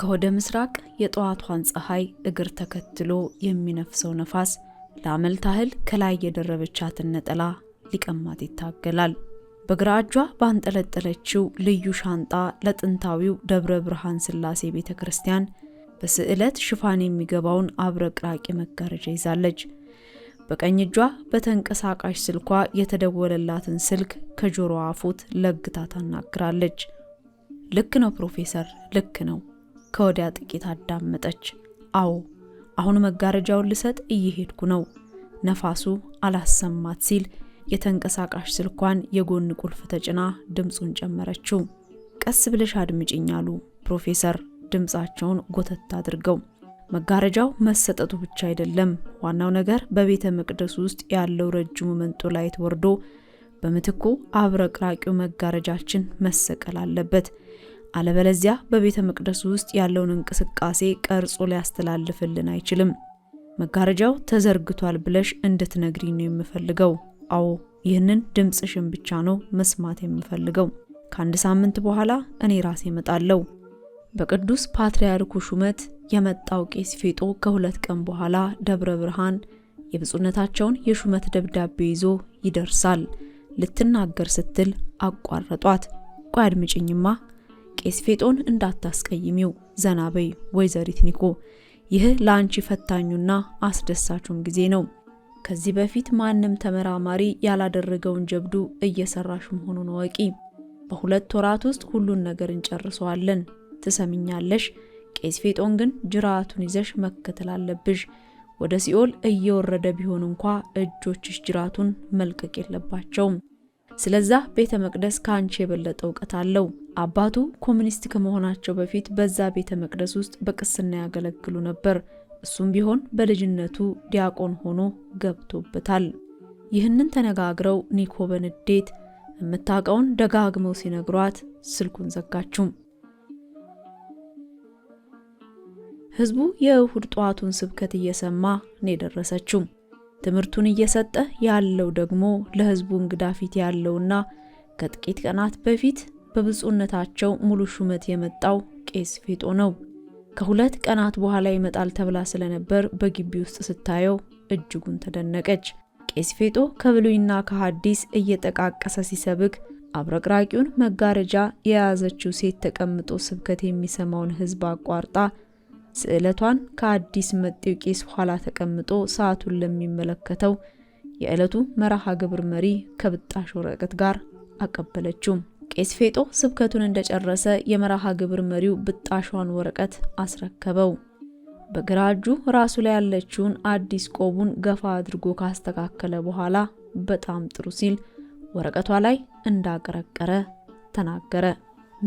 ከወደ ምስራቅ የጠዋቷን ፀሐይ እግር ተከትሎ የሚነፍሰው ነፋስ ለአመል ታህል ከላይ የደረበቻትን ነጠላ ሊቀማት ይታገላል። በግራ እጇ ባንጠለጠለችው ልዩ ሻንጣ ለጥንታዊው ደብረ ብርሃን ስላሴ ቤተ ክርስቲያን በስዕለት ሽፋን የሚገባውን አብረቅራቂ መጋረጃ ይዛለች። በቀኝ እጇ በተንቀሳቃሽ ስልኳ የተደወለላትን ስልክ ከጆሮዋ አፉት ለግታ ታናግራለች። ልክ ነው ፕሮፌሰር፣ ልክ ነው ከወዲያ ጥቂት አዳመጠች። አዎ አሁን መጋረጃውን ልሰጥ እየሄድኩ ነው። ነፋሱ አላሰማት ሲል የተንቀሳቃሽ ስልኳን የጎን ቁልፍ ተጭና ድምፁን ጨመረችው። ቀስ ብለሽ አድምጭኝ አሉ ፕሮፌሰር ድምፃቸውን ጎተት አድርገው። መጋረጃው መሰጠቱ ብቻ አይደለም፣ ዋናው ነገር በቤተ መቅደሱ ውስጥ ያለው ረጅሙ መንጦላይት ወርዶ በምትኩ አብረቅራቂው መጋረጃችን መሰቀል አለበት። አለበለዚያ በቤተ መቅደሱ ውስጥ ያለውን እንቅስቃሴ ቀርጾ ሊያስተላልፍልን አይችልም። መጋረጃው ተዘርግቷል ብለሽ እንድትነግሪኝ ነው የምፈልገው። አዎ ይህንን ድምፅሽን ብቻ ነው መስማት የምፈልገው። ከአንድ ሳምንት በኋላ እኔ ራሴ እመጣለሁ። በቅዱስ ፓትርያርኩ ሹመት የመጣው ቄስ ፌጦ ከሁለት ቀን በኋላ ደብረ ብርሃን የብፁዕነታቸውን የሹመት ደብዳቤ ይዞ ይደርሳል። ልትናገር ስትል አቋረጧት። ቆይ አድምጭኝማ ቄስ ፌጦን እንዳታስቀይሚው፣ ዘናበይ ወይዘሪት ኒኮ። ይህ ለአንቺ ፈታኙና አስደሳቹም ጊዜ ነው። ከዚህ በፊት ማንም ተመራማሪ ያላደረገውን ጀብዱ እየሰራሽ መሆኑን ወቂ። በሁለት ወራት ውስጥ ሁሉን ነገር እንጨርሰዋለን። ትሰምኛለሽ? ቄስ ፌጦን ግን ጅራቱን ይዘሽ መከተል አለብሽ። ወደ ሲኦል እየወረደ ቢሆን እንኳ እጆችሽ ጅራቱን መልቀቅ የለባቸውም። ስለዛ ቤተ መቅደስ ከአንቺ የበለጠ እውቀት አለው። አባቱ ኮሚኒስት ከመሆናቸው በፊት በዛ ቤተ መቅደስ ውስጥ በቅስና ያገለግሉ ነበር። እሱም ቢሆን በልጅነቱ ዲያቆን ሆኖ ገብቶበታል። ይህንን ተነጋግረው ኒኮ በንዴት የምታውቀውን ደጋግመው ሲነግሯት ስልኩን ዘጋችው። ህዝቡ የእሁድ ጠዋቱን ስብከት እየሰማ ነው የደረሰችው። ትምህርቱን እየሰጠ ያለው ደግሞ ለህዝቡ እንግዳ ፊት ያለውና ከጥቂት ቀናት በፊት በብፁዕነታቸው ሙሉ ሹመት የመጣው ቄስ ፌጦ ነው። ከሁለት ቀናት በኋላ ይመጣል ተብላ ስለነበር በግቢ ውስጥ ስታየው እጅጉን ተደነቀች። ቄስ ፌጦ ከብሉይና ከሐዲስ እየጠቃቀሰ ሲሰብክ አብረቅራቂውን መጋረጃ የያዘችው ሴት ተቀምጦ ስብከት የሚሰማውን ሕዝብ አቋርጣ ስዕለቷን ከአዲስ መጤው ቄስ ኋላ ተቀምጦ ሰዓቱን ለሚመለከተው የዕለቱ መርሃ ግብር መሪ ከብጣሽ ወረቀት ጋር አቀበለችው። ቄስ ፌጦ ስብከቱን እንደጨረሰ የመርሃ ግብር መሪው ብጣሿን ወረቀት አስረከበው። በግራ እጁ ራሱ ላይ ያለችውን አዲስ ቆቡን ገፋ አድርጎ ካስተካከለ በኋላ በጣም ጥሩ ሲል ወረቀቷ ላይ እንዳቀረቀረ ተናገረ።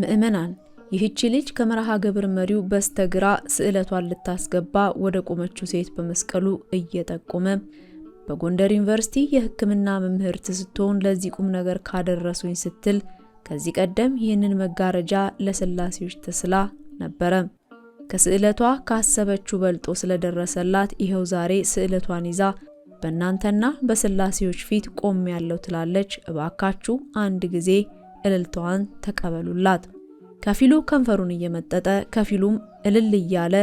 ምዕመናን ይህቺ ልጅ ከመርሃ ግብር መሪው በስተግራ ስዕለቷን ልታስገባ ወደ ቆመችው ሴት በመስቀሉ እየጠቆመ በጎንደር ዩኒቨርሲቲ የሕክምና መምህርት ስትሆን ለዚህ ቁም ነገር ካደረሱኝ ስትል ከዚህ ቀደም ይህንን መጋረጃ ለስላሴዎች ተስላ ነበረ። ከስዕለቷ ካሰበችው በልጦ ስለደረሰላት ይኸው ዛሬ ስዕለቷን ይዛ በእናንተና በስላሴዎች ፊት ቆም ያለው ትላለች። እባካችሁ አንድ ጊዜ እልልታዋን ተቀበሉላት። ከፊሉ ከንፈሩን እየመጠጠ ከፊሉም እልል እያለ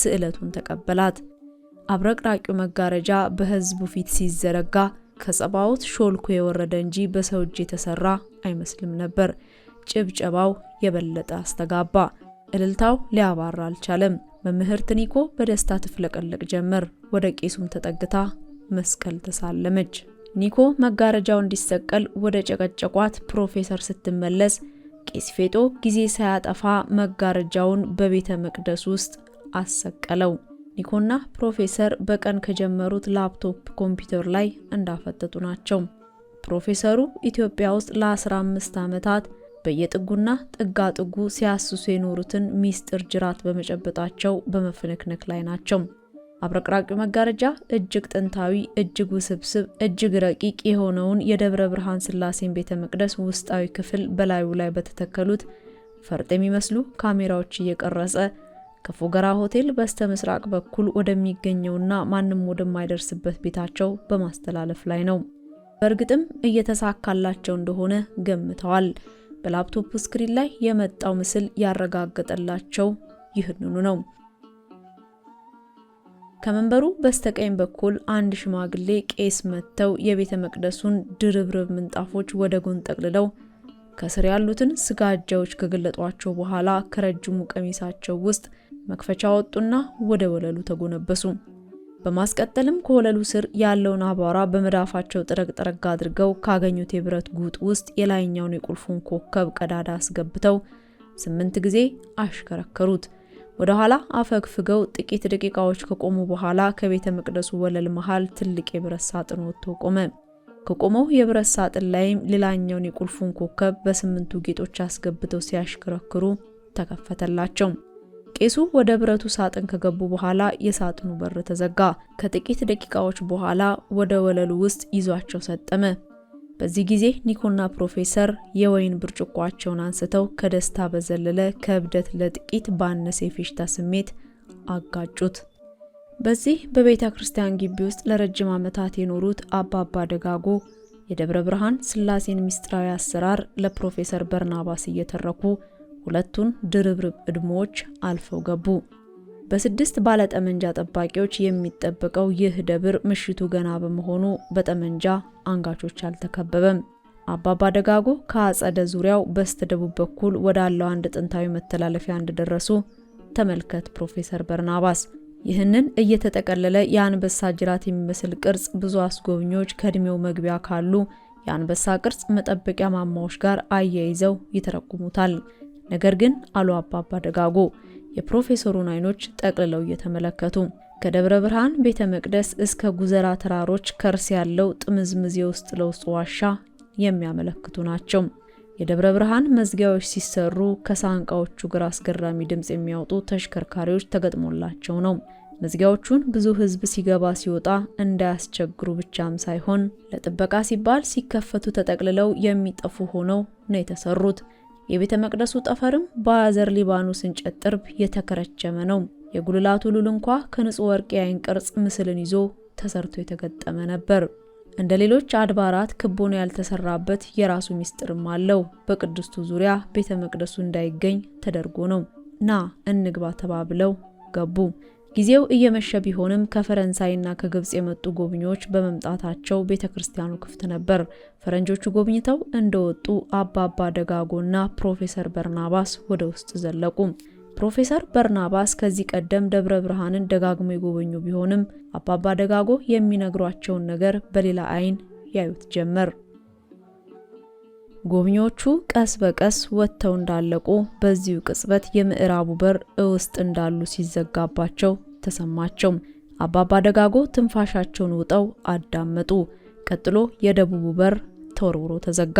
ስዕለቱን ተቀበላት። አብረቅራቂው መጋረጃ በህዝቡ ፊት ሲዘረጋ ከጸባዖት ሾልኮ የወረደ እንጂ በሰው እጅ የተሰራ አይመስልም ነበር። ጭብጨባው የበለጠ አስተጋባ። እልልታው ሊያባራ አልቻለም። መምህርት ኒኮ በደስታ ትፍለቀለቅ ጀመር። ወደ ቄሱም ተጠግታ መስቀል ተሳለመች። ኒኮ መጋረጃው እንዲሰቀል ወደ ጨቀጨቋት ፕሮፌሰር ስትመለስ ቄስ ፌጦ ጊዜ ሳያጠፋ መጋረጃውን በቤተ መቅደስ ውስጥ አሰቀለው። ኒኮና ፕሮፌሰር በቀን ከጀመሩት ላፕቶፕ ኮምፒውተር ላይ እንዳፈጠጡ ናቸው። ፕሮፌሰሩ ኢትዮጵያ ውስጥ ለ15 ዓመታት በየጥጉና ጥጋጥጉ ሲያስሱ የኖሩትን ሚስጥር ጅራት በመጨበጣቸው በመፍነክነክ ላይ ናቸው። አብረቅራቂው መጋረጃ እጅግ ጥንታዊ፣ እጅግ ውስብስብ፣ እጅግ ረቂቅ የሆነውን የደብረ ብርሃን ሥላሴን ቤተ መቅደስ ውስጣዊ ክፍል በላዩ ላይ በተተከሉት ፈርጥ የሚመስሉ ካሜራዎች እየቀረጸ ከፎገራ ሆቴል በስተ ምስራቅ በኩል ወደሚገኘውና ማንም ወደማይደርስበት ቤታቸው በማስተላለፍ ላይ ነው። በእርግጥም እየተሳካላቸው እንደሆነ ገምተዋል። በላፕቶፕ ስክሪን ላይ የመጣው ምስል ያረጋገጠላቸው ይህንኑ ነው። ከመንበሩ በስተቀኝ በኩል አንድ ሽማግሌ ቄስ መጥተው የቤተ መቅደሱን ድርብርብ ምንጣፎች ወደ ጎን ጠቅልለው ከስር ያሉትን ስጋጃዎች ከገለጧቸው በኋላ ከረጅሙ ቀሚሳቸው ውስጥ መክፈቻ ወጡና ወደ ወለሉ ተጎነበሱ። በማስቀጠልም ከወለሉ ስር ያለውን አቧራ በመዳፋቸው ጥረግ አድርገው ካገኙት የብረት ጉጥ ውስጥ የላይኛውን የቁልፉን ኮከብ ቀዳዳ አስገብተው ስምንት ጊዜ አሽከረከሩት። ወደ ኋላ አፈግፍገው ጥቂት ደቂቃዎች ከቆሙ በኋላ ከቤተ መቅደሱ ወለል መሃል ትልቅ የብረት ሳጥን ወጥቶ ቆመ። ከቆመው የብረት ሳጥን ላይም ሌላኛውን የቁልፉን ኮከብ በስምንቱ ጌጦች አስገብተው ሲያሽከረክሩ ተከፈተላቸው። ቄሱ ወደ ብረቱ ሳጥን ከገቡ በኋላ የሳጥኑ በር ተዘጋ። ከጥቂት ደቂቃዎች በኋላ ወደ ወለሉ ውስጥ ይዟቸው ሰጠመ። በዚህ ጊዜ ኒኮና ፕሮፌሰር የወይን ብርጭቋቸውን አንስተው ከደስታ በዘለለ ከእብደት ለጥቂት ባነሰ የፌሽታ ስሜት አጋጩት። በዚህ በቤተ ክርስቲያን ግቢ ውስጥ ለረጅም ዓመታት የኖሩት አባባ ደጋጎ የደብረ ብርሃን ስላሴን ምስጢራዊ አሰራር ለፕሮፌሰር በርናባስ እየተረኩ ሁለቱን ድርብርብ እድሞዎች አልፈው ገቡ። በስድስት ባለጠመንጃ ጠባቂዎች የሚጠበቀው ይህ ደብር ምሽቱ ገና በመሆኑ በጠመንጃ አንጋቾች አልተከበበም። አባባ ደጋጎ ከአጸደ ዙሪያው በስተ ደቡብ በኩል ወዳለው አንድ ጥንታዊ መተላለፊያ እንደደረሱ ተመልከት ፕሮፌሰር በርናባስ። ይህንን እየተጠቀለለ የአንበሳ ጅራት የሚመስል ቅርጽ ብዙ አስጎብኚዎች ከእድሜው መግቢያ ካሉ የአንበሳ ቅርጽ መጠበቂያ ማማዎች ጋር አያይዘው ይተረጉሙታል። ነገር ግን አሉ አባባ ደጋጎ የፕሮፌሰሩን አይኖች ጠቅልለው እየተመለከቱ ከደብረ ብርሃን ቤተ መቅደስ እስከ ጉዘራ ተራሮች ከርስ ያለው ጥምዝምዝ የውስጥ ለውስጥ ዋሻ የሚያመለክቱ ናቸው። የደብረ ብርሃን መዝጊያዎች ሲሰሩ ከሳንቃዎቹ ግር አስገራሚ ድምፅ የሚያወጡ ተሽከርካሪዎች ተገጥሞላቸው ነው። መዝጊያዎቹን ብዙ ሕዝብ ሲገባ ሲወጣ እንዳያስቸግሩ ብቻም ሳይሆን ለጥበቃ ሲባል ሲከፈቱ ተጠቅልለው የሚጠፉ ሆነው ነው የተሰሩት። የቤተ መቅደሱ ጠፈርም በአዘር ሊባኖስ እንጨት ጥርብ የተከረቸመ ነው። የጉልላቱ ሉል እንኳ ከንጹህ ወርቅ የአይን ቅርጽ ምስልን ይዞ ተሰርቶ የተገጠመ ነበር። እንደ ሌሎች አድባራት ክቦ ነው ያልተሰራበት የራሱ ሚስጥርም አለው። በቅድስቱ ዙሪያ ቤተ መቅደሱ እንዳይገኝ ተደርጎ ነው። ና እንግባ ተባብለው ገቡ። ጊዜው እየመሸ ቢሆንም ከፈረንሳይና ከግብፅ የመጡ ጎብኚዎች በመምጣታቸው ቤተ ክርስቲያኑ ክፍት ነበር። ፈረንጆቹ ጎብኝተው እንደወጡ አባባ ደጋጎና ፕሮፌሰር በርናባስ ወደ ውስጥ ዘለቁ። ፕሮፌሰር በርናባስ ከዚህ ቀደም ደብረ ብርሃንን ደጋግሞ የጎበኙ ቢሆንም አባባ ደጋጎ የሚነግሯቸውን ነገር በሌላ አይን ያዩት ጀመር። ጎብኚዎቹ ቀስ በቀስ ወጥተው እንዳለቁ በዚሁ ቅጽበት የምዕራቡ በር እውስጥ እንዳሉ ሲዘጋባቸው ተሰማቸው። አባባ ደጋጎ ትንፋሻቸውን ውጠው አዳመጡ። ቀጥሎ የደቡቡ በር ተወርውሮ ተዘጋ።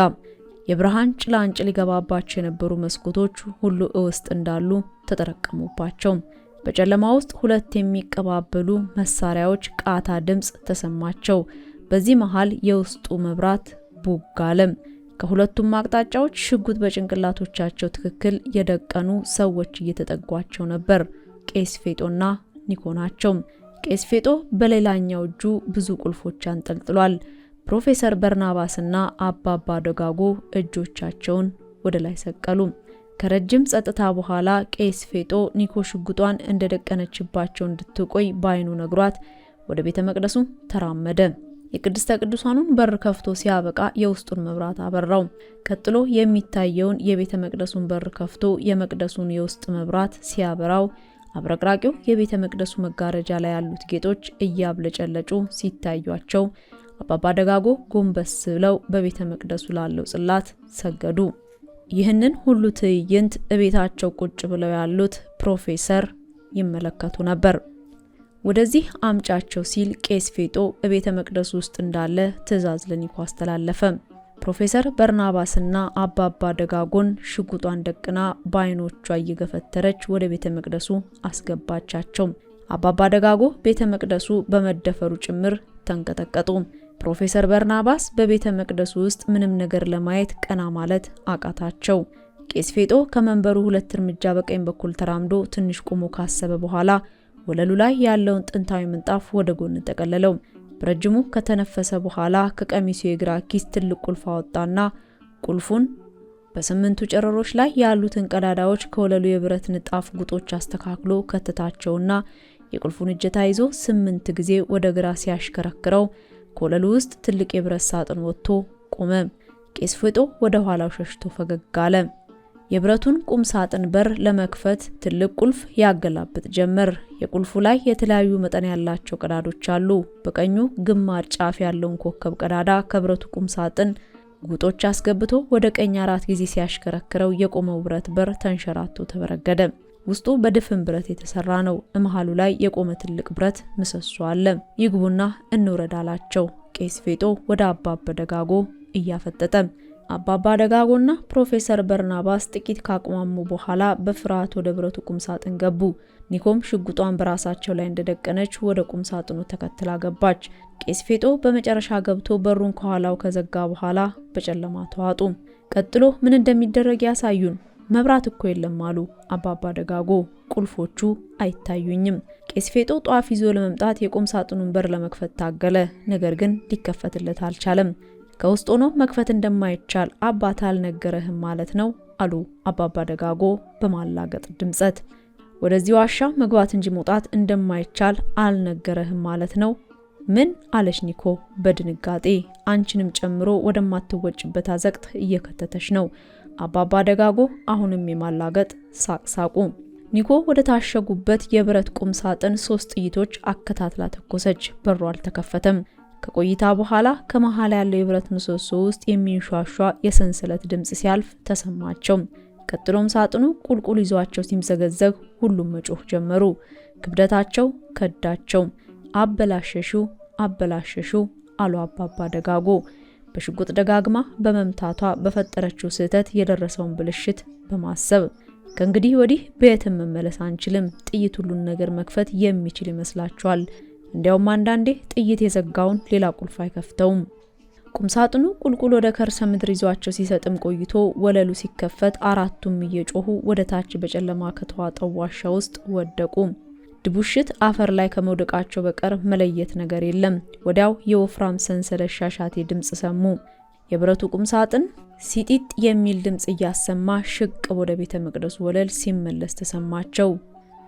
የብርሃን ጭላንጭል ይገባባቸው የነበሩ መስኮቶች ሁሉ እውስጥ እንዳሉ ተጠረቀሙባቸው። በጨለማ ውስጥ ሁለት የሚቀባበሉ መሳሪያዎች ቃታ ድምፅ ተሰማቸው። በዚህ መሃል የውስጡ መብራት ቡግ አለም። ከሁለቱም አቅጣጫዎች ሽጉጥ በጭንቅላቶቻቸው ትክክል የደቀኑ ሰዎች እየተጠጓቸው ነበር። ቄስ ፌጦና ኒኮ ናቸው። ቄስ ፌጦ በሌላኛው እጁ ብዙ ቁልፎች አንጠልጥሏል። ፕሮፌሰር በርናባስና አባባ ደጋጎ እጆቻቸውን ወደ ላይ ሰቀሉ። ከረጅም ጸጥታ በኋላ ቄስ ፌጦ ኒኮ ሽጉጧን እንደደቀነችባቸው እንድትቆይ በአይኑ ነግሯት ወደ ቤተ መቅደሱ ተራመደ። የቅድስተ ቅዱሳኑን በር ከፍቶ ሲያበቃ የውስጡን መብራት አበራው። ቀጥሎ የሚታየውን የቤተ መቅደሱን በር ከፍቶ የመቅደሱን የውስጥ መብራት ሲያበራው አብረቅራቂው የቤተ መቅደሱ መጋረጃ ላይ ያሉት ጌጦች እያብለጨለጩ ሲታዩቸው አባባ ደጋጎ ጎንበስ ብለው በቤተ መቅደሱ ላለው ጽላት ሰገዱ። ይህንን ሁሉ ትዕይንት እቤታቸው ቁጭ ብለው ያሉት ፕሮፌሰር ይመለከቱ ነበር። ወደዚህ አምጫቸው ሲል ቄስ ፌጦ በቤተ መቅደስ ውስጥ እንዳለ ትእዛዝ ለኒኮ አስተላለፈ። ፕሮፌሰር በርናባስና አባባ ደጋጎን ሽጉጧን ደቅና በአይኖቿ እየገፈተረች ወደ ቤተ መቅደሱ አስገባቻቸው። አባባ ደጋጎ ቤተ መቅደሱ በመደፈሩ ጭምር ተንቀጠቀጡ። ፕሮፌሰር በርናባስ በቤተ መቅደሱ ውስጥ ምንም ነገር ለማየት ቀና ማለት አቃታቸው። ቄስ ፌጦ ከመንበሩ ሁለት እርምጃ በቀኝ በኩል ተራምዶ ትንሽ ቆሞ ካሰበ በኋላ ወለሉ ላይ ያለውን ጥንታዊ ምንጣፍ ወደ ጎን ጠቀለለው። በረጅሙ ከተነፈሰ በኋላ ከቀሚሱ የግራ ኪስ ትልቅ ቁልፍ አወጣና ቁልፉን በስምንቱ ጨረሮች ላይ ያሉትን ቀዳዳዎች ከወለሉ የብረት ንጣፍ ጉጦች አስተካክሎ ከተታቸውና የቁልፉን እጀታ ይዞ ስምንት ጊዜ ወደ ግራ ሲያሽከረክረው ከወለሉ ውስጥ ትልቅ የብረት ሳጥን ወጥቶ ቆመ። ቄስ ፍጦ ወደ ኋላው ሸሽቶ ፈገግ አለ። የብረቱን ቁም ሳጥን በር ለመክፈት ትልቅ ቁልፍ ያገላብጥ ጀመር። የቁልፉ ላይ የተለያዩ መጠን ያላቸው ቀዳዶች አሉ። በቀኙ ግማድ ጫፍ ያለውን ኮከብ ቀዳዳ ከብረቱ ቁም ሳጥን ጉጦች አስገብቶ ወደ ቀኝ አራት ጊዜ ሲያሽከረክረው የቆመው ብረት በር ተንሸራቶ ተበረገደ። ውስጡ በድፍን ብረት የተሰራ ነው። መሃሉ ላይ የቆመ ትልቅ ብረት ምሰሶ አለ። ይግቡና እንውረድ አላቸው። ቄስ ፌጦ ወደ አባ በደጋጎ እያፈጠጠ አባባ ደጋጎና ፕሮፌሰር በርናባስ ጥቂት ካቅማሙ በኋላ በፍርሃት ወደ ብረቱ ቁምሳጥን ገቡ። ኒኮም ሽጉጧን በራሳቸው ላይ እንደደቀነች ወደ ቁምሳጥኑ ተከትላ ገባች። ቄስ ፌጦ በመጨረሻ ገብቶ በሩን ከኋላው ከዘጋ በኋላ በጨለማ ተዋጡ። ቀጥሎ ምን እንደሚደረግ ያሳዩን፣ መብራት እኮ የለም አሉ አባባ ደጋጎ። ቁልፎቹ አይታዩኝም። ቄስ ፌጦ ጧፍ ይዞ ለመምጣት የቁምሳጥኑን በር ለመክፈት ታገለ። ነገር ግን ሊከፈትለት አልቻለም። ከውስጥ ሆኖ መክፈት እንደማይቻል አባት አልነገረህም ማለት ነው አሉ አባባ ደጋጎ በማላገጥ ድምጸት። ወደዚህ ዋሻ መግባት እንጂ መውጣት እንደማይቻል አልነገረህም ማለት ነው ምን አለች ኒኮ በድንጋጤ አንቺንም ጨምሮ ወደማትወጭበት አዘቅት እየከተተች ነው አባባ ደጋጎ አሁንም የማላገጥ ሳቅ ሳቁ ኒኮ ወደ ታሸጉበት የብረት ቁም ሳጥን ሶስት ጥይቶች አከታትላ ተኮሰች በሩ አልተከፈተም ከቆይታ በኋላ ከመሀል ያለው የብረት ምሰሶ ውስጥ የሚንሿሿ የሰንሰለት ድምፅ ሲያልፍ ተሰማቸው። ቀጥሎም ሳጥኑ ቁልቁል ይዟቸው ሲምዘገዘግ ሁሉም መጮህ ጀመሩ። ክብደታቸው ከዳቸው። አበላሸሹ አበላሸሹ አሉ አባባ ደጋጎ። በሽጉጥ ደጋግማ በመምታቷ በፈጠረችው ስህተት የደረሰውን ብልሽት በማሰብ ከእንግዲህ ወዲህ በየትም መመለስ አንችልም፣ ጥይት ሁሉን ነገር መክፈት የሚችል ይመስላችኋል እንዲያውም አንዳንዴ ጥይት የዘጋውን ሌላ ቁልፍ አይከፍተውም። ቁምሳጥኑ ቁልቁል ወደ ከርሰ ምድር ይዟቸው ሲሰጥም ቆይቶ ወለሉ ሲከፈት አራቱም እየጮሁ ወደ ታች በጨለማ ከተዋጠው ዋሻ ውስጥ ወደቁ። ድቡሽት አፈር ላይ ከመውደቃቸው በቀር መለየት ነገር የለም። ወዲያው የወፍራም ሰንሰለት ሻሻቴ ድምፅ ሰሙ። የብረቱ ቁምሳጥን ሲጢጥ የሚል ድምፅ እያሰማ ሽቅ ወደ ቤተ መቅደሱ ወለል ሲመለስ ተሰማቸው።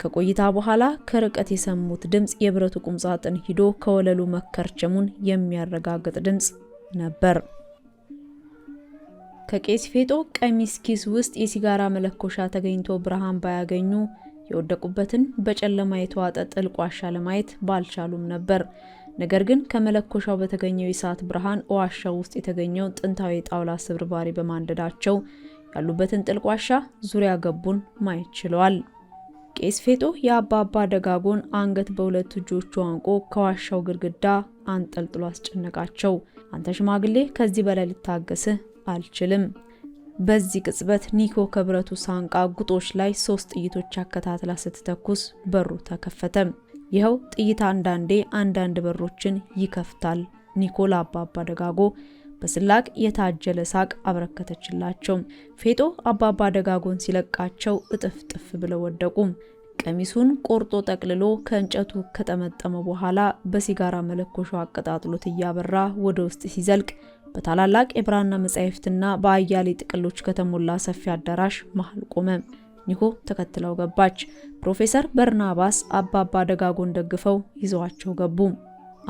ከቆይታ በኋላ ከርቀት የሰሙት ድምፅ የብረቱ ቁምሳጥን ሂዶ ከወለሉ መከርቸሙን የሚያረጋግጥ ድምፅ ነበር። ከቄስ ፌጦ ቀሚስ ኪስ ውስጥ የሲጋራ መለኮሻ ተገኝቶ ብርሃን ባያገኙ የወደቁበትን በጨለማ የተዋጠ ጥልቅ ዋሻ ለማየት ባልቻሉም ነበር። ነገር ግን ከመለኮሻው በተገኘው የሰዓት ብርሃን ዋሻው ውስጥ የተገኘው ጥንታዊ የጣውላ ስብርባሪ በማንደዳቸው ያሉበትን ጥልቅ ዋሻ ዙሪያ ገቡን ማየት ችለዋል። ቄስ ፌጦ የአባባ ደጋጎን አንገት በሁለት እጆቹ አንቆ ከዋሻው ግድግዳ አንጠልጥሎ አስጨነቃቸው። አንተ ሽማግሌ ከዚህ በላይ ልታገስህ አልችልም። በዚህ ቅጽበት ኒኮ ከብረቱ ሳንቃ ጉጦች ላይ ሶስት ጥይቶች አከታትላ ስትተኩስ በሩ ተከፈተ። ይኸው ጥይት አንዳንዴ አንዳንድ በሮችን ይከፍታል። ኒኮ ለአባባ ደጋጎ በስላቅ የታጀለ ሳቅ አበረከተችላቸው። ፌጦ አባባ ደጋጎን ሲለቃቸው እጥፍ ጥፍ ብለው ወደቁ። ቀሚሱን ቆርጦ ጠቅልሎ ከእንጨቱ ከጠመጠመ በኋላ በሲጋራ መለኮሻ አቀጣጥሎት እያበራ ወደ ውስጥ ሲዘልቅ በታላላቅ የብራና መጻሕፍትና በአያሌ ጥቅሎች ከተሞላ ሰፊ አዳራሽ መሃል ቆመ። ኒሆ ተከትለው ገባች። ፕሮፌሰር በርናባስ አባባ ደጋጎን ደግፈው ይዘዋቸው ገቡ።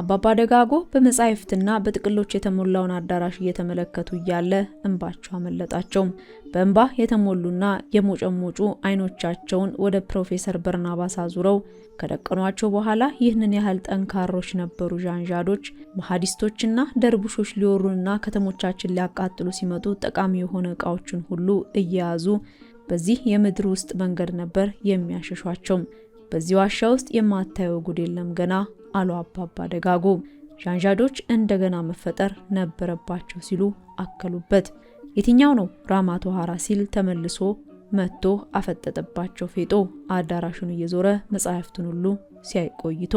አባባ ደጋጎ በመጻሕፍትና በጥቅሎች የተሞላውን አዳራሽ እየተመለከቱ እያለ እንባቸው አመለጣቸው። በእንባ የተሞሉና የሞጨሞጩ አይኖቻቸውን ወደ ፕሮፌሰር በርናባስ አዙረው ከደቀኗቸው በኋላ ይህንን ያህል ጠንካሮች ነበሩ ዣንዣዶች፣ መሐዲስቶችና ደርቡሾች ሊወሩንና ከተሞቻችን ሊያቃጥሉ ሲመጡ ጠቃሚ የሆነ እቃዎችን ሁሉ እየያዙ በዚህ የምድር ውስጥ መንገድ ነበር የሚያሸሿቸው። በዚህ ዋሻ ውስጥ የማታየው ጉድ የለም ገና አሉ አባባ ደጋጎ። ዣንዣዶች እንደገና መፈጠር ነበረባቸው ሲሉ አከሉበት። የትኛው ነው ራማቶ ሀራ ሲል ተመልሶ መጥቶ አፈጠጠባቸው ፌጦ። አዳራሹን እየዞረ መጻሕፍቱን ሁሉ ሲያይቆይቶ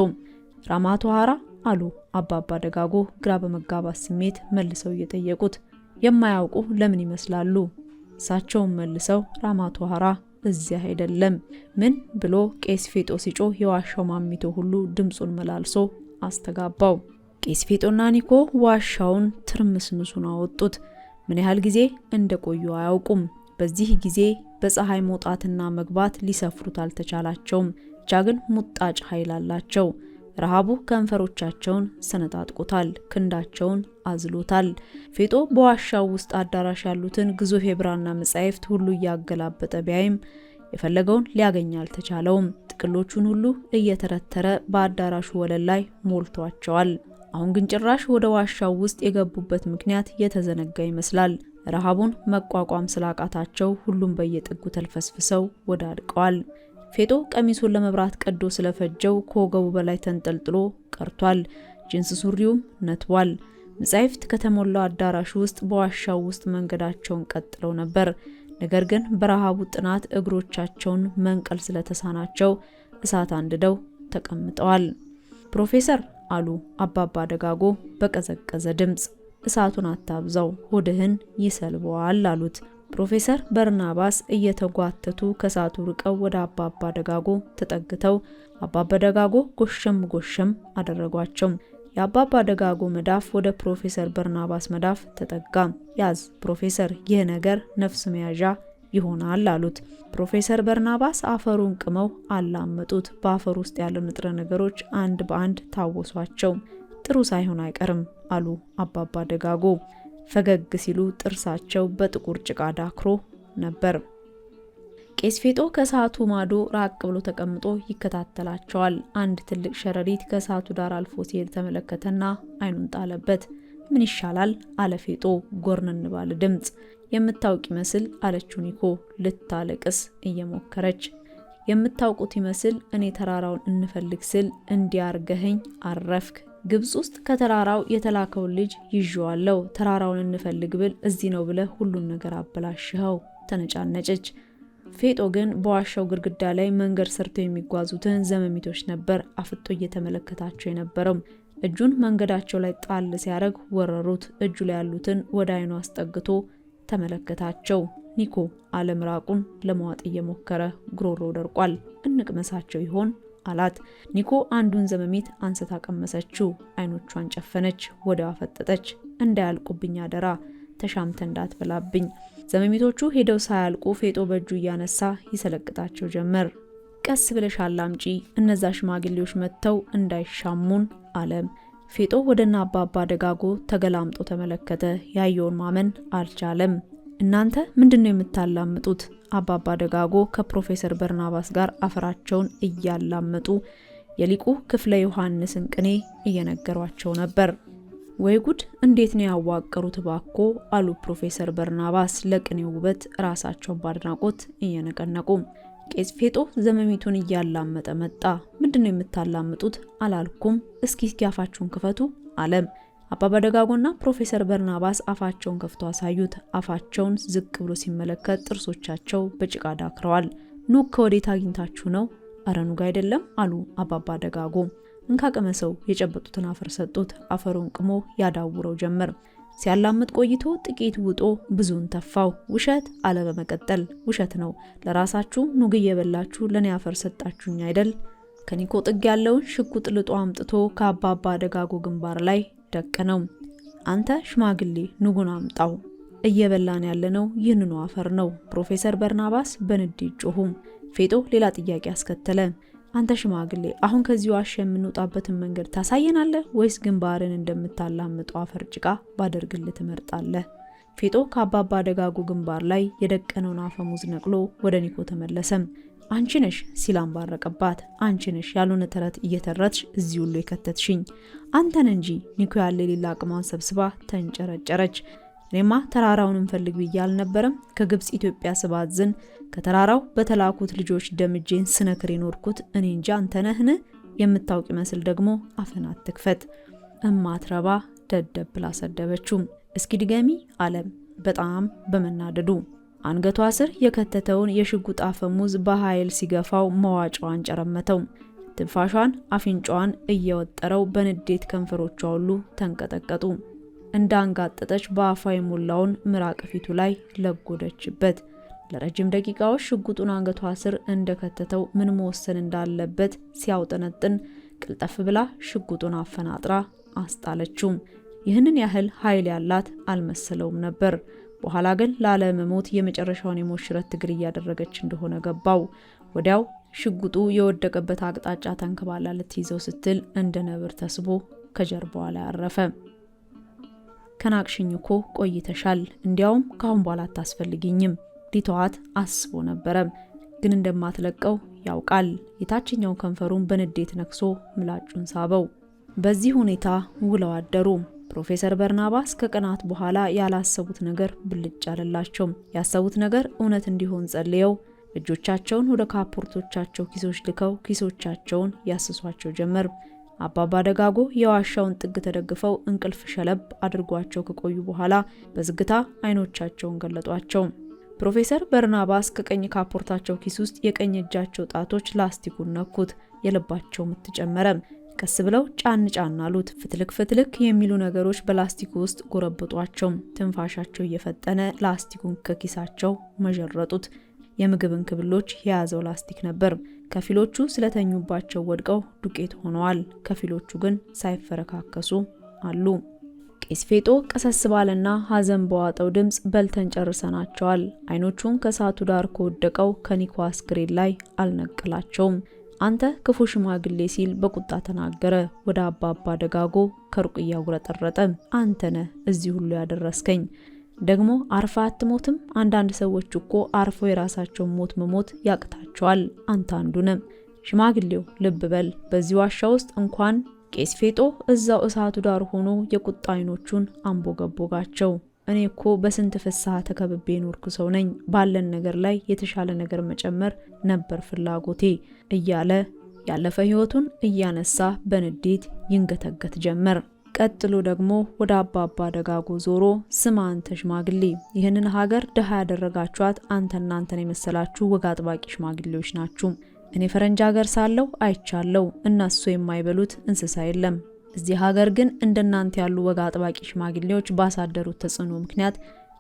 ራማቶ ሃራ አሉ አባባ ደጋጎ ግራ በመጋባት ስሜት መልሰው እየጠየቁት የማያውቁ ለምን ይመስላሉ? እሳቸውን መልሰው ራማቶ ሀራ እዚያ አይደለም ምን ብሎ ቄስ ፌጦ ሲጮህ የዋሻው ማሚቶ ሁሉ ድምፁን መላልሶ አስተጋባው። ቄስ ፌጦና ኒኮ ዋሻውን ትርምስምሱን አወጡት። ምን ያህል ጊዜ እንደቆዩ አያውቁም። በዚህ ጊዜ በፀሐይ መውጣትና መግባት ሊሰፍሩት አልተቻላቸውም። ብቻ ግን ሙጣጭ ኃይል አላቸው። ረሃቡ ከንፈሮቻቸውን ሰነጣጥቆታል፣ ክንዳቸውን አዝሎታል። ፌጦ በዋሻው ውስጥ አዳራሽ ያሉትን ግዙፍ የብራና መጻሕፍት ሁሉ እያገላበጠ ቢያይም የፈለገውን ሊያገኝ አልተቻለውም። ጥቅሎቹን ሁሉ እየተረተረ በአዳራሹ ወለል ላይ ሞልቷቸዋል። አሁን ግን ጭራሽ ወደ ዋሻው ውስጥ የገቡበት ምክንያት የተዘነጋ ይመስላል። ረሃቡን መቋቋም ስላቃታቸው ሁሉም በየጥጉ ተልፈስፍሰው ወዳድቀዋል። ፌጦ ቀሚሱን ለመብራት ቀዶ ስለፈጀው ከወገቡ በላይ ተንጠልጥሎ ቀርቷል። ጅንስ ሱሪውም ነትቧል። መጻሕፍት ከተሞላው አዳራሽ ውስጥ በዋሻው ውስጥ መንገዳቸውን ቀጥለው ነበር። ነገር ግን በረሃቡ ጥናት እግሮቻቸውን መንቀል ስለተሳናቸው እሳት አንድደው ተቀምጠዋል። ፕሮፌሰር አሉ አባባ ደጋጎ በቀዘቀዘ ድምፅ፣ እሳቱን አታብዛው፣ ሆድህን ይሰልበዋል አሉት። ፕሮፌሰር በርናባስ እየተጓተቱ ከእሳቱ ርቀው ወደ አባባ ደጋጎ ተጠግተው አባባ ደጋጎ ጎሸም ጎሸም አደረጓቸው። የአባባ ደጋጎ መዳፍ ወደ ፕሮፌሰር በርናባስ መዳፍ ተጠጋ። ያዝ ፕሮፌሰር፣ ይህ ነገር ነፍስ መያዣ ይሆናል አሉት። ፕሮፌሰር በርናባስ አፈሩን ቅመው አላመጡት። በአፈር ውስጥ ያለ ንጥረ ነገሮች አንድ በአንድ ታወሷቸው። ጥሩ ሳይሆን አይቀርም አሉ አባባ ደጋጎ። ፈገግ ሲሉ ጥርሳቸው በጥቁር ጭቃ ዳክሮ ነበር። ቄስ ፌጦ ከእሳቱ ማዶ ራቅ ብሎ ተቀምጦ ይከታተላቸዋል። አንድ ትልቅ ሸረሪት ከእሳቱ ዳር አልፎ ሲሄድ ተመለከተና አይኑን ጣለበት። ምን ይሻላል አለ ፌጦ ጎርነን ባለ ድምፅ። የምታውቅ ይመስል አለችው ኒኮ ልታለቅስ እየሞከረች። የምታውቁት ይመስል እኔ ተራራውን እንፈልግ ስል እንዲያርገኸኝ አረፍክ ግብፅ ውስጥ ከተራራው የተላከውን ልጅ ይዤዋለሁ፣ ተራራውን እንፈልግ ብል እዚህ ነው ብለህ ሁሉን ነገር አበላሽኸው ተነጫነጨች። ፌጦ ግን በዋሻው ግድግዳ ላይ መንገድ ሰርተው የሚጓዙትን ዘመሚቶች ነበር አፍጦ እየተመለከታቸው የነበረው። እጁን መንገዳቸው ላይ ጣል ሲያደርግ ወረሩት። እጁ ላይ ያሉትን ወደ አይኑ አስጠግቶ ተመለከታቸው። ኒኮ አለምራቁን ለመዋጥ እየሞከረ ጉሮሮ ደርቋል። እንቅመሳቸው ይሆን? አላት። ኒኮ አንዱን ዘመሜት አንስታ ቀመሰችው። አይኖቿን ጨፈነች፣ ወዲያው አፈጠጠች። እንዳያልቁብኝ አደራ ተሻምተ እንዳትበላብኝ። ዘመሜቶቹ ሄደው ሳያልቁ ፌጦ በእጁ እያነሳ ይሰለቅጣቸው ጀመር። ቀስ ብለሽ አላምጪ፣ እነዛ ሽማግሌዎች መጥተው እንዳይሻሙን አለም። ፌጦ ወደና አባባ ደጋጎ ተገላምጦ ተመለከተ። ያየውን ማመን አልቻለም። እናንተ ምንድን ነው የምታላምጡት? አባባ ደጋጎ ከፕሮፌሰር በርናባስ ጋር አፈራቸውን እያላመጡ የሊቁ ክፍለ ዮሐንስን ቅኔ እየነገሯቸው ነበር። ወይ ጉድ እንዴት ነው ያዋቀሩት ባኮ አሉ ፕሮፌሰር በርናባስ ለቅኔው ውበት ራሳቸውን በአድናቆት እየነቀነቁ። ቄጽ ፌጦ ዘመሚቱን እያላመጠ መጣ። ምንድነው የምታላምጡት አላልኩም? እስኪ እስኪ አፋችሁን ክፈቱ አለም። አባባ በደጋጎና ፕሮፌሰር በርናባስ አፋቸውን ከፍቶ አሳዩት። አፋቸውን ዝቅ ብሎ ሲመለከት ጥርሶቻቸው በጭቃ ዳክረዋል። ኑግ ከወዴት አግኝታችሁ ነው? ኑግ አይደለም አሉ አባባ ደጋጎ። ሰው የጨበጡትን አፈር ሰጡት። አፈሩን ቅሞ ያዳውረው ጀመር። ሲያላምጥ ቆይቶ ጥቂት ውጦ ብዙን ተፋው። ውሸት አለ በመቀጠል ውሸት ነው። ለራሳችሁ ኑግ እየበላችሁ ለእኔ አፈር ሰጣችሁኝ አይደል? ከኒኮ ጥግ ያለውን ሽጉጥ ልጦ አምጥቶ ከአባባ ደጋጎ ግንባር ላይ ደቅ ነው። አንተ ሽማግሌ ንጉን አምጣው፣ እየበላን ያለነው ይህንኑ አፈር ነው። ፕሮፌሰር በርናባስ በንዴት ጮኹ። ፌጦ ሌላ ጥያቄ አስከተለ። አንተ ሽማግሌ አሁን ከዚህ ዋሻ የምንወጣበትን መንገድ ታሳየናለህ ወይስ ግንባርን እንደምታላምጡ አፈር ጭቃ ባደርግልህ ትመርጣለህ? ፌጦ ከአባባ ደጋጉ ግንባር ላይ የደቀነውን አፈሙዝ ነቅሎ ወደ ኒኮ ተመለሰም አንቺ ነሽ ሲል አንባረቀባት። አንቺ ነሽ ያልሆነ ተረት እየተረትሽ እዚህ ሁሉ የከተትሽኝ አንተን እንጂ ኒኮ ያለ ሌላ አቅሟን ሰብስባ ተንጨረጨረች። እኔማ ተራራውን እንፈልግ ብዬ አልነበረም ከግብፅ ኢትዮጵያ ስባዝን ከተራራው በተላኩት ልጆች ደምጄን ስነክር የኖርኩት እኔ እንጂ አንተነህን የምታውቅ ይመስል ደግሞ አፈን አትክፈት። እማትረባ ደደብ ብላ ሰደበችው። እስኪ ድገሚ አለም በጣም በመናደዱ አንገቷ ስር የከተተውን የሽጉጥ አፈሙዝ በኃይል ሲገፋው መዋጫዋን ጨረመተው። ትንፋሿን አፍንጫዋን እየወጠረው በንዴት ከንፈሮቿ ሁሉ ተንቀጠቀጡ። እንዳንጋጠጠች በአፏ የሞላውን ምራቅ ፊቱ ላይ ለጎደችበት። ለረጅም ደቂቃዎች ሽጉጡን አንገቷ ስር እንደከተተው ምን መወሰን እንዳለበት ሲያውጠነጥን ቅልጠፍ ብላ ሽጉጡን አፈናጥራ አስጣለችው። ይህንን ያህል ኃይል ያላት አልመሰለውም ነበር። በኋላ ግን ላለመሞት የመጨረሻውን የሞት ሽረት ትግል እያደረገች እንደሆነ ገባው። ወዲያው ሽጉጡ የወደቀበት አቅጣጫ ተንከባላ ልትይዘው ስትል እንደ ነብር ተስቦ ከጀርባዋ ላይ አረፈ። ከናቅሽኝ እኮ ቆይተሻል፣ እንዲያውም ከአሁን በኋላ አታስፈልግኝም ሊተዋት አስቦ ነበረ። ግን እንደማትለቀው ያውቃል። የታችኛው ከንፈሩን በንዴት ነክሶ ምላጩን ሳበው። በዚህ ሁኔታ ውለው አደሩ። ፕሮፌሰር በርናባስ ከቀናት በኋላ ያላሰቡት ነገር ብልጭ አለላቸው። ያሰቡት ነገር እውነት እንዲሆን ጸልየው እጆቻቸውን ወደ ካፖርቶቻቸው ኪሶች ልከው ኪሶቻቸውን ያስሷቸው ጀመር። አባባ ደጋጎ የዋሻውን ጥግ ተደግፈው እንቅልፍ ሸለብ አድርጓቸው ከቆዩ በኋላ በዝግታ አይኖቻቸውን ገለጧቸው። ፕሮፌሰር በርናባስ ከቀኝ ካፖርታቸው ኪስ ውስጥ የቀኝ እጃቸው ጣቶች ላስቲኩን ነኩት። የልባቸው ምት ጨመረ። ቀስ ብለው ጫን ጫን አሉት። ፍትልክ ፍትልክ የሚሉ ነገሮች በላስቲኩ ውስጥ ጎረብጧቸው። ትንፋሻቸው እየፈጠነ ላስቲኩን ከኪሳቸው መዠረጡት። የምግብ እንክብሎች የያዘው ላስቲክ ነበር። ከፊሎቹ ስለተኙባቸው ወድቀው ዱቄት ሆነዋል። ከፊሎቹ ግን ሳይፈረካከሱ አሉ። ቄስ ፌጦ ቀሰስ ባለና ሀዘን በዋጠው ድምፅ በልተን ጨርሰናቸዋል። አይኖቹን ከእሳቱ ዳር ከወደቀው ከኒኮ አስክሬን ላይ አልነቅላቸውም። አንተ ክፉ ሽማግሌ ሲል በቁጣ ተናገረ። ወደ አባባ ደጋጎ ከሩቅ እያጉረጠረጠ አንተ ነህ እዚህ ሁሉ ያደረስከኝ ደግሞ አርፋ አትሞትም? አንዳንድ ሰዎች እኮ አርፈው የራሳቸውን ሞት መሞት ያቅታቸዋል። አንተ አንዱ ነህ። ሽማግሌው ልብ በል፣ በዚህ ዋሻ ውስጥ እንኳን ቄስ ፌጦ እዛው እሳቱ ዳር ሆኖ የቁጣ አይኖቹን አንቦገቦጋቸው። እኔ እኮ በስንት ፍስሐ ተከብቤ የኖርኩ ሰው ነኝ፣ ባለን ነገር ላይ የተሻለ ነገር መጨመር ነበር ፍላጎቴ እያለ ያለፈ ህይወቱን እያነሳ በንዴት ይንገተገት ጀመር። ቀጥሎ ደግሞ ወደ አባባ ደጋጎ ዞሮ ስማ አንተ ሽማግሌ፣ ይህንን ሀገር ድሃ ያደረጋችኋት አንተ እናንተን የመሰላችሁ ወግ አጥባቂ ሽማግሌዎች ናችሁ። እኔ ፈረንጅ ሀገር ሳለሁ አይቻለሁ፣ እነሱ የማይበሉት እንስሳ የለም እዚህ ሀገር ግን እንደናንተ ያሉ ወግ አጥባቂ ሽማግሌዎች ባሳደሩት ተጽዕኖ ምክንያት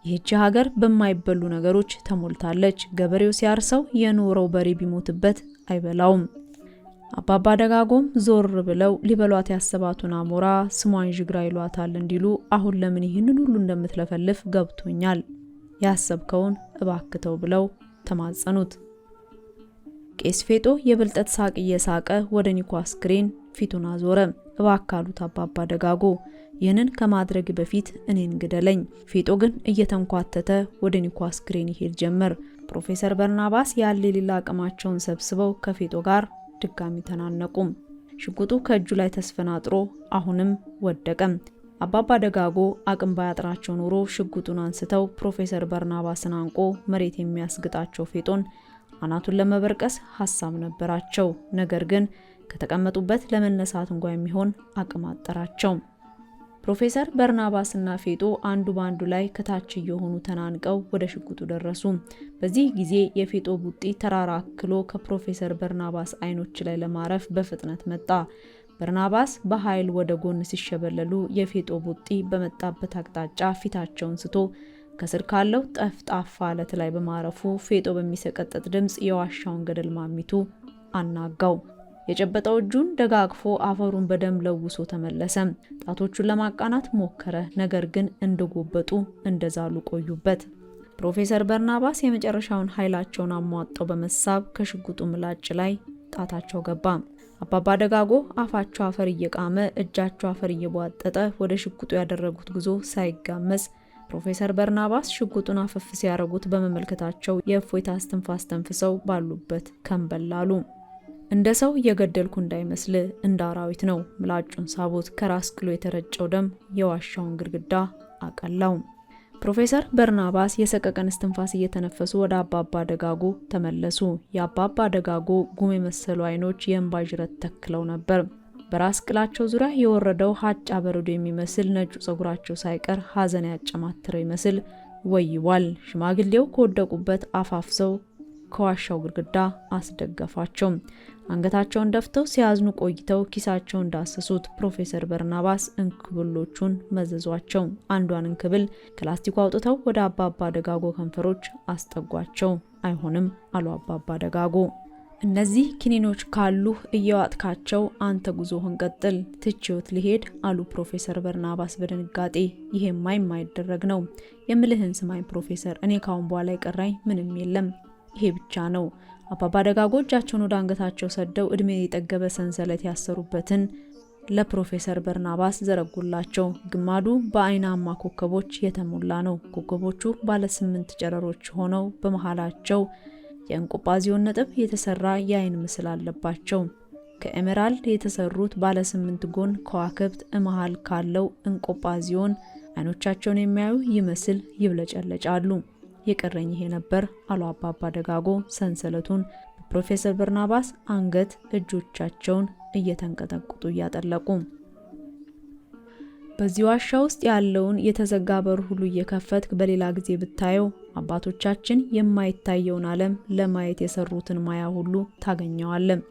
ይህች ሀገር በማይበሉ ነገሮች ተሞልታለች። ገበሬው ሲያርሰው የኖረው በሬ ቢሞትበት አይበላውም። አባባ ደጋጎም ዞር ብለው ሊበሏት ያሰባቱን አሞራ ስሟን ዥግራ ይሏታል እንዲሉ አሁን ለምን ይህንን ሁሉ እንደምትለፈልፍ ገብቶኛል፣ ያሰብከውን እባክተው ብለው ተማጸኑት። ቄስ ፌጦ የብልጠት ሳቅ እየሳቀ ወደ ኒኳስ ክሬን ፊቱን አዞረ። እባካሉት አባባ ደጋጎ ይህንን ከማድረግ በፊት እኔን ግደለኝ። ፊጦ ግን እየተንኳተተ ወደ ኒኳስ ግሬን ይሄድ ጀመር። ፕሮፌሰር በርናባስ ያለ የሌላ አቅማቸውን ሰብስበው ከፊጦ ጋር ድጋሚ ተናነቁም። ሽጉጡ ከእጁ ላይ ተስፈናጥሮ አሁንም ወደቀም። አባባ ደጋጎ አቅም ባያጥራቸው ኑሮ ሽጉጡን አንስተው ፕሮፌሰር በርናባስን አንቆ መሬት የሚያስግጣቸው ፌጦን አናቱን ለመበርቀስ ሀሳብ ነበራቸው። ነገር ግን ከተቀመጡበት ለመነሳት እንኳ የሚሆን አቅም አጠራቸው። ፕሮፌሰር በርናባስና ፌጦ አንዱ በአንዱ ላይ ከታች እየሆኑ ተናንቀው ወደ ሽጉጡ ደረሱ። በዚህ ጊዜ የፌጦ ቡጢ ተራራ አክሎ ከፕሮፌሰር በርናባስ አይኖች ላይ ለማረፍ በፍጥነት መጣ። በርናባስ በኃይል ወደ ጎን ሲሸበለሉ የፌጦ ቡጢ በመጣበት አቅጣጫ ፊታቸውን ስቶ ከስር ካለው ጠፍጣፋ አለት ላይ በማረፉ ፌጦ በሚሰቀጠጥ ድምፅ የዋሻውን ገደል ማሚቱ አናጋው። የጨበጠው እጁን ደጋግፎ አፈሩን በደም ለውሶ ተመለሰ። ጣቶቹን ለማቃናት ሞከረ፣ ነገር ግን እንደጎበጡ እንደዛሉ ቆዩበት። ፕሮፌሰር በርናባስ የመጨረሻውን ኃይላቸውን አሟጠው በመሳብ ከሽጉጡ ምላጭ ላይ ጣታቸው ገባ። አባባ ደጋጎ አፋቸው አፈር እየቃመ እጃቸው አፈር እየቧጠጠ ወደ ሽጉጡ ያደረጉት ጉዞ ሳይጋመስ ፕሮፌሰር በርናባስ ሽጉጡን አፈፍ ሲያደርጉት በመመልከታቸው የእፎይታ እስትንፋስ ተንፍሰው ባሉበት ከንበላሉ። እንደ ሰው እየገደልኩ እንዳይመስል እንደ አራዊት ነው። ምላጩን ሳቡት። ከራስ ቅሎ የተረጨው ደም የዋሻውን ግድግዳ አቀላው። ፕሮፌሰር በርናባስ የሰቀቀን እስትንፋስ እየተነፈሱ ወደ አባባ ደጋጎ ተመለሱ። የአባባ ደጋጎ ጉም የመሰሉ አይኖች የእንባ ዥረት ተክለው ነበር። በራስ ቅላቸው ዙሪያ የወረደው ሀጫ በረዶ የሚመስል ነጩ ጸጉራቸው ሳይቀር ሀዘን ያጨማትረው ይመስል ወይዋል። ሽማግሌው ከወደቁበት አፋፍሰው ከዋሻው ግድግዳ አስደገፋቸው። አንገታቸውን ደፍተው ሲያዝኑ ቆይተው ኪሳቸውን እንዳሰሱት ፕሮፌሰር በርናባስ እንክብሎቹን መዘዟቸው። አንዷን እንክብል ከላስቲኩ አውጥተው ወደ አባባ ደጋጎ ከንፈሮች አስጠጓቸው። አይሆንም አሉ አባባ ደጋጎ። እነዚህ ኪኒኖች ካሉ እየዋጥካቸው አንተ ጉዞህን ቀጥል፣ ትችዮት ሊሄድ አሉ ፕሮፌሰር በርናባስ በድንጋጤ። ይሄማ የማይደረግ ነው። የምልህን ስማኝ ፕሮፌሰር፣ እኔ ካሁን በኋላ የቀራኝ ምንም የለም። ይሄ ብቻ ነው። አባባ ደጋጎ እጃቸውን ወደ አንገታቸው ሰደው እድሜ የጠገበ ሰንሰለት ያሰሩበትን ለፕሮፌሰር በርናባስ ዘረጉላቸው። ግማዱ በአይናማ ኮከቦች የተሞላ ነው። ኮከቦቹ ባለ ስምንት ጨረሮች ሆነው በመሃላቸው የእንቆጳዚዮን ነጥብ የተሰራ የአይን ምስል አለባቸው። ከኤሜራልድ የተሰሩት ባለ ስምንት ጎን ከዋክብት እመሃል ካለው እንቆጳዚዮን አይኖቻቸውን የሚያዩ ይመስል ይብለጨለጫሉ። የቀረኝ ይሄ ነበር አሉ አባባ ደጋጎ ሰንሰለቱን በፕሮፌሰር በርናባስ አንገት እጆቻቸውን እየተንቀጠቁጡ እያጠለቁ። በዚህ ዋሻ ውስጥ ያለውን የተዘጋ በር ሁሉ እየከፈትክ በሌላ ጊዜ ብታየው አባቶቻችን የማይታየውን ዓለም ለማየት የሰሩትን ማያ ሁሉ ታገኘዋለም።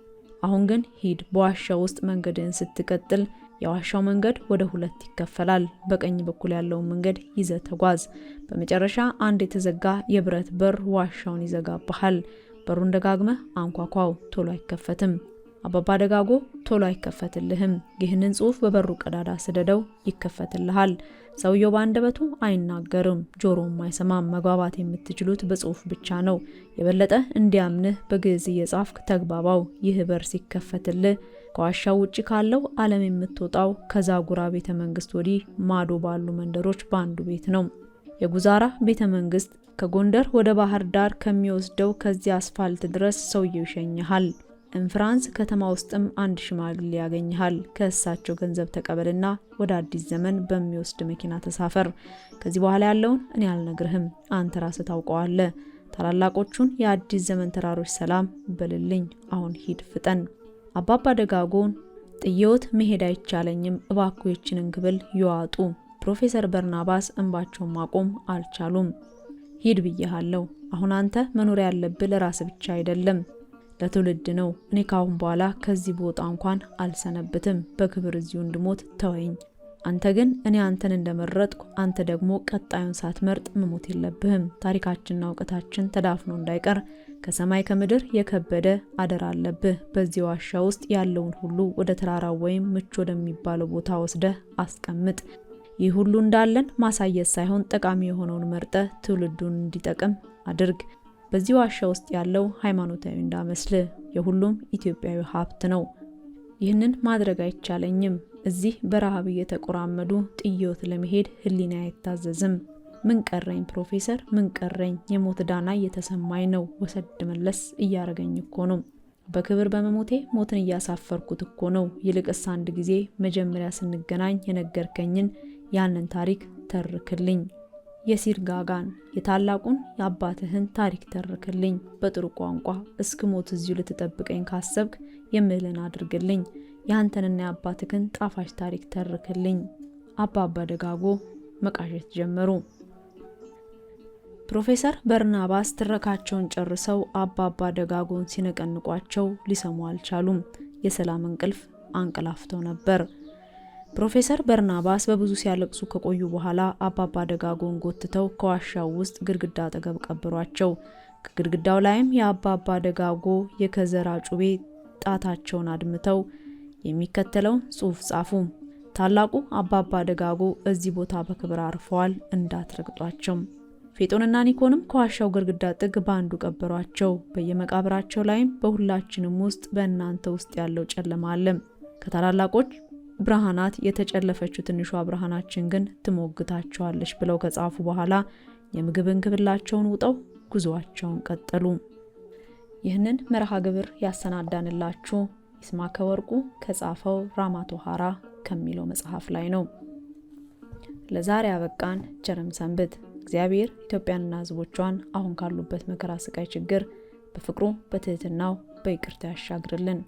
አሁን ግን ሂድ፣ በዋሻ ውስጥ መንገድህን ስትቀጥል የዋሻው መንገድ ወደ ሁለት ይከፈላል። በቀኝ በኩል ያለውን መንገድ ይዘ ተጓዝ። በመጨረሻ አንድ የተዘጋ የብረት በር ዋሻውን ይዘጋብሃል። በሩን ደጋግመህ አንኳኳው፣ ቶሎ አይከፈትም። አባባ ደጋጎ ቶሎ አይከፈትልህም። ይህንን ጽሑፍ በበሩ ቀዳዳ ስደደው ይከፈትልሃል። ሰውየው በአንደበቱ አይናገርም፣ ጆሮም አይሰማም። መግባባት የምትችሉት በጽሑፍ ብቻ ነው። የበለጠ እንዲያምንህ በግዕዝ እየጻፍክ ተግባባው። ይህ በር ሲከፈትልህ ከዋሻው ውጭ ካለው ዓለም የምትወጣው ከዛጉራ ቤተ መንግስት ወዲህ ማዶ ባሉ መንደሮች በአንዱ ቤት ነው። የጉዛራ ቤተ መንግስት ከጎንደር ወደ ባህር ዳር ከሚወስደው ከዚህ አስፋልት ድረስ ሰውየው ይሸኝሃል። እንፍራንስ ከተማ ውስጥም አንድ ሽማግሌ ያገኝሃል። ከእሳቸው ገንዘብ ተቀበልና ወደ አዲስ ዘመን በሚወስድ መኪና ተሳፈር። ከዚህ በኋላ ያለውን እኔ አልነግርህም፣ አንተ ራስ ታውቀዋለ። ታላላቆቹን የአዲስ ዘመን ተራሮች ሰላም በልልኝ። አሁን ሂድ ፍጠን። አባባ ደጋጎን ጥየውት መሄድ አይቻለኝም፣ እባክዎ ይህችንን ክብል ይዋጡ። ፕሮፌሰር በርናባስ እንባቸውን ማቆም አልቻሉም። ሂድ ብዬሃለሁ። አሁን አንተ መኖር ያለብህ ለራስ ብቻ አይደለም፣ ለትውልድ ነው። እኔ ካሁን በኋላ ከዚህ ቦታ እንኳን አልሰነብትም። በክብር እዚሁ እንድሞት ተወኝ። አንተ ግን እኔ አንተን እንደመረጥኩ አንተ ደግሞ ቀጣዩን ሳትመርጥ መሞት የለብህም። ታሪካችንና እውቀታችን ተዳፍኖ እንዳይቀር ከሰማይ ከምድር የከበደ አደራ አለብህ። በዚህ ዋሻ ውስጥ ያለውን ሁሉ ወደ ተራራ ወይም ምቹ ወደሚባለው ቦታ ወስደህ አስቀምጥ። ይህ ሁሉ እንዳለን ማሳየት ሳይሆን ጠቃሚ የሆነውን መርጠ ትውልዱን እንዲጠቅም አድርግ። በዚህ ዋሻ ውስጥ ያለው ሃይማኖታዊ እንዳመስል የሁሉም ኢትዮጵያዊ ሀብት ነው። ይህንን ማድረግ አይቻለኝም። እዚህ በረሃብ እየተቆራመዱ ጥየውት ለመሄድ ህሊና አይታዘዝም። ምን ቀረኝ ፕሮፌሰር ምን ቀረኝ የሞት ዳና እየተሰማኝ ነው ወሰድ መለስ እያረገኝ እኮ ነው በክብር በመሞቴ ሞትን እያሳፈርኩት እኮ ነው ይልቅስ አንድ ጊዜ መጀመሪያ ስንገናኝ የነገርከኝን ያንን ታሪክ ተርክልኝ የሲር ጋጋን የታላቁን የአባትህን ታሪክ ተርክልኝ በጥሩ ቋንቋ ሞት እዚሁ ልትጠብቀኝ ካሰብክ የምልን አድርግልኝ የአንተንና የአባትህን ጣፋጭ ታሪክ ተርክልኝ አባባ ደጋጎ መቃሸት ጀመሩ ፕሮፌሰር በርናባስ ትረካቸውን ጨርሰው አባባ ደጋጎን ሲነቀንቋቸው ሊሰሙ አልቻሉም። የሰላም እንቅልፍ አንቀላፍተው ነበር። ፕሮፌሰር በርናባስ በብዙ ሲያለቅሱ ከቆዩ በኋላ አባባ ደጋጎን ጎትተው ከዋሻው ውስጥ ግድግዳ አጠገብ ቀብሯቸው። ከግድግዳው ላይም የአባባ ደጋጎ የከዘራ ጩቤ ጣታቸውን አድምተው የሚከተለውን ጽሑፍ ጻፉ። ታላቁ አባባ ደጋጎ እዚህ ቦታ በክብር አርፈዋል፣ እንዳትረግጧቸው ፌጦንና ኒኮንም ከዋሻው ግድግዳ ጥግ በአንዱ ቀበሯቸው። በየመቃብራቸው ላይም በሁላችንም ውስጥ በእናንተ ውስጥ ያለው ጨለማ አለ። ከታላላቆች ብርሃናት የተጨለፈችው ትንሿ ብርሃናችን ግን ትሞግታቸዋለች ብለው ከጻፉ በኋላ የምግብ እንክብላቸውን ውጠው ጉዞአቸውን ቀጠሉ። ይህንን መርሃ ግብር ያሰናዳንላችሁ ይስማዕከ ወርቁ ከጻፈው ራማቶሃራ ከሚለው መጽሐፍ ላይ ነው። ለዛሬ አበቃን። ቸርም ሰንብት። እግዚአብሔር ኢትዮጵያንና ሕዝቦቿን አሁን ካሉበት መከራ፣ ስቃይ፣ ችግር በፍቅሩ በትህትናው በይቅርታ ያሻግርልን።